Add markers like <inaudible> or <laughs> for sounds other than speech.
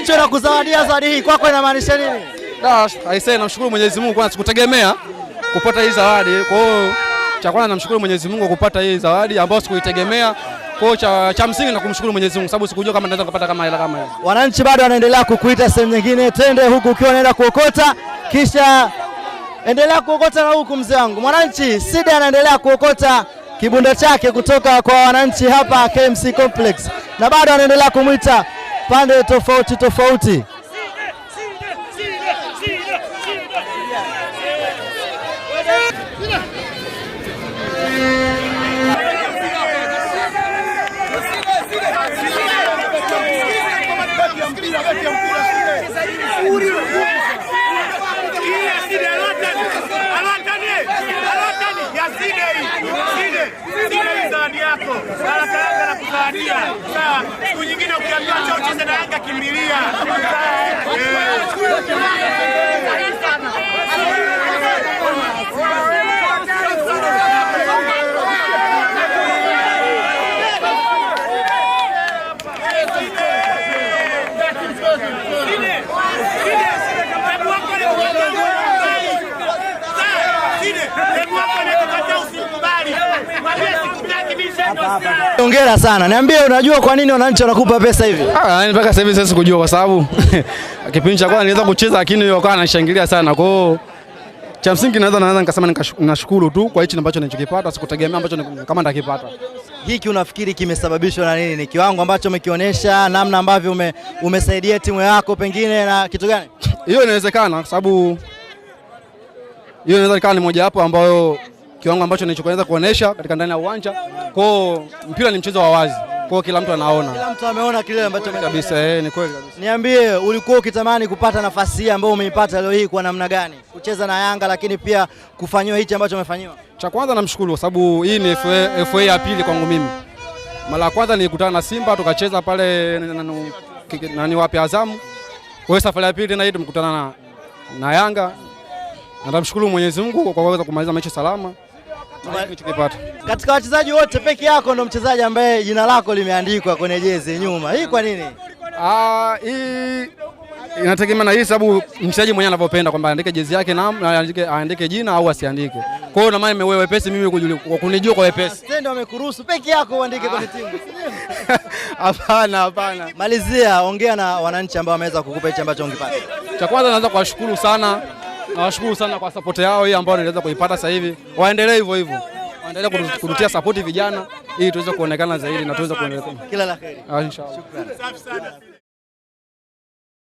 Hecho na kuzawadia zawadi hii kwako inamaanisha nini? Aisee, namshukuru Mwenyezi Mungu kwa sikutegemea kupata hii zawadi. Kwa hiyo cha kwanza namshukuru Mwenyezi Mungu kupata hii zawadi ambayo sikuitegemea. Kwa hiyo cha, cha msingi na kumshukuru Mwenyezi Mungu sababu sikujua kama naweza kupata kama hela kama hiyo. Wananchi bado wanaendelea kukuita sehemu nyingine, twende huku ukiwa unaenda kuokota kisha endelea kuokota na huku mzee wangu. Mwananchi Sida anaendelea kuokota kibunda chake kutoka kwa wananchi hapa KMC Complex na bado anaendelea kumwita pande tofauti tofauti. yako baraka Yanga na kuzawadia. Sawa, siku nyingine ukiambiwa njoo ucheze na Yanga kimbilia. Hongera sana. Niambie, unajua kwa nini wananchi wanakupa pesa hivi? Ah, mpaka sasa hivi sasa sikujua kwa sababu <laughs> kipindi cha kwanza niweza kucheza lakini yeye akawa anashangilia sana. Kwa hiyo cha msingi naweza naweza nikasema nashukuru tu kwa hichi ambacho nilichokipata, sikutegemea ambacho kama ndakipata. Hiki unafikiri kimesababishwa na nini? Ni kiwango ambacho umekionyesha, namna ambavyo ume, umesaidia timu yako pengine na kitu gani? Hiyo inawezekana kwa sababu hiyo inaweza ikawa ni hapo ambayo kiwango ambacho nilichoweza kuonesha katika ndani ya uwanja. Kwa hiyo mpira ni mchezo wa wazi, kwa hiyo kila mtu anaona, kila mtu ameona kile ambacho kabisa. Eh, ni kweli kabisa. Niambie, ulikuwa ukitamani kupata nafasi hii ambayo umeipata leo hii kwa namna gani, kucheza na Yanga lakini pia kufanyiwa hichi ambacho umefanyiwa? Cha kwanza namshukuru, kwa sababu hii ni FA, FA ya pili kwangu mimi. Mara ya kwanza nilikutana na Simba tukacheza pale nani wapi Azamu, kwa hiyo safari ya pili tena hii tumekutana na, na Yanga. Natamshukuru Mwenyezi Mungu kwa kuweza kumaliza mechi salama. Katika wachezaji wote peke yako ndo mchezaji ambaye jina lako limeandikwa kwenye jezi nyuma, hii kwa nini? Ah, hii inategemea na hii sababu mchezaji mwenyewe anavyopenda kwamba aandike jezi yake na aandike jina au asiandike. Kwa hiyo na maana imewe wepesi mimi kunijua kwa wepesi. Ah, Ndio amekuruhusu peke yako uandike kwenye ah. timu. <laughs> Hapana, hapana. Malizia, ongea na wananchi ambao wameweza kukupa hichi ambacho ungepata. Cha kwanza naweza kuwashukuru sana nawashukuru sana kwa support yao hii ambayo niliweza kuipata sasa hivi, waendelee hivyo hivyo, waendelee kututia support vijana, ili tuweze kuonekana zaidi na tuweze kuendelea. Kila la heri, ah, inshallah. Shukrani.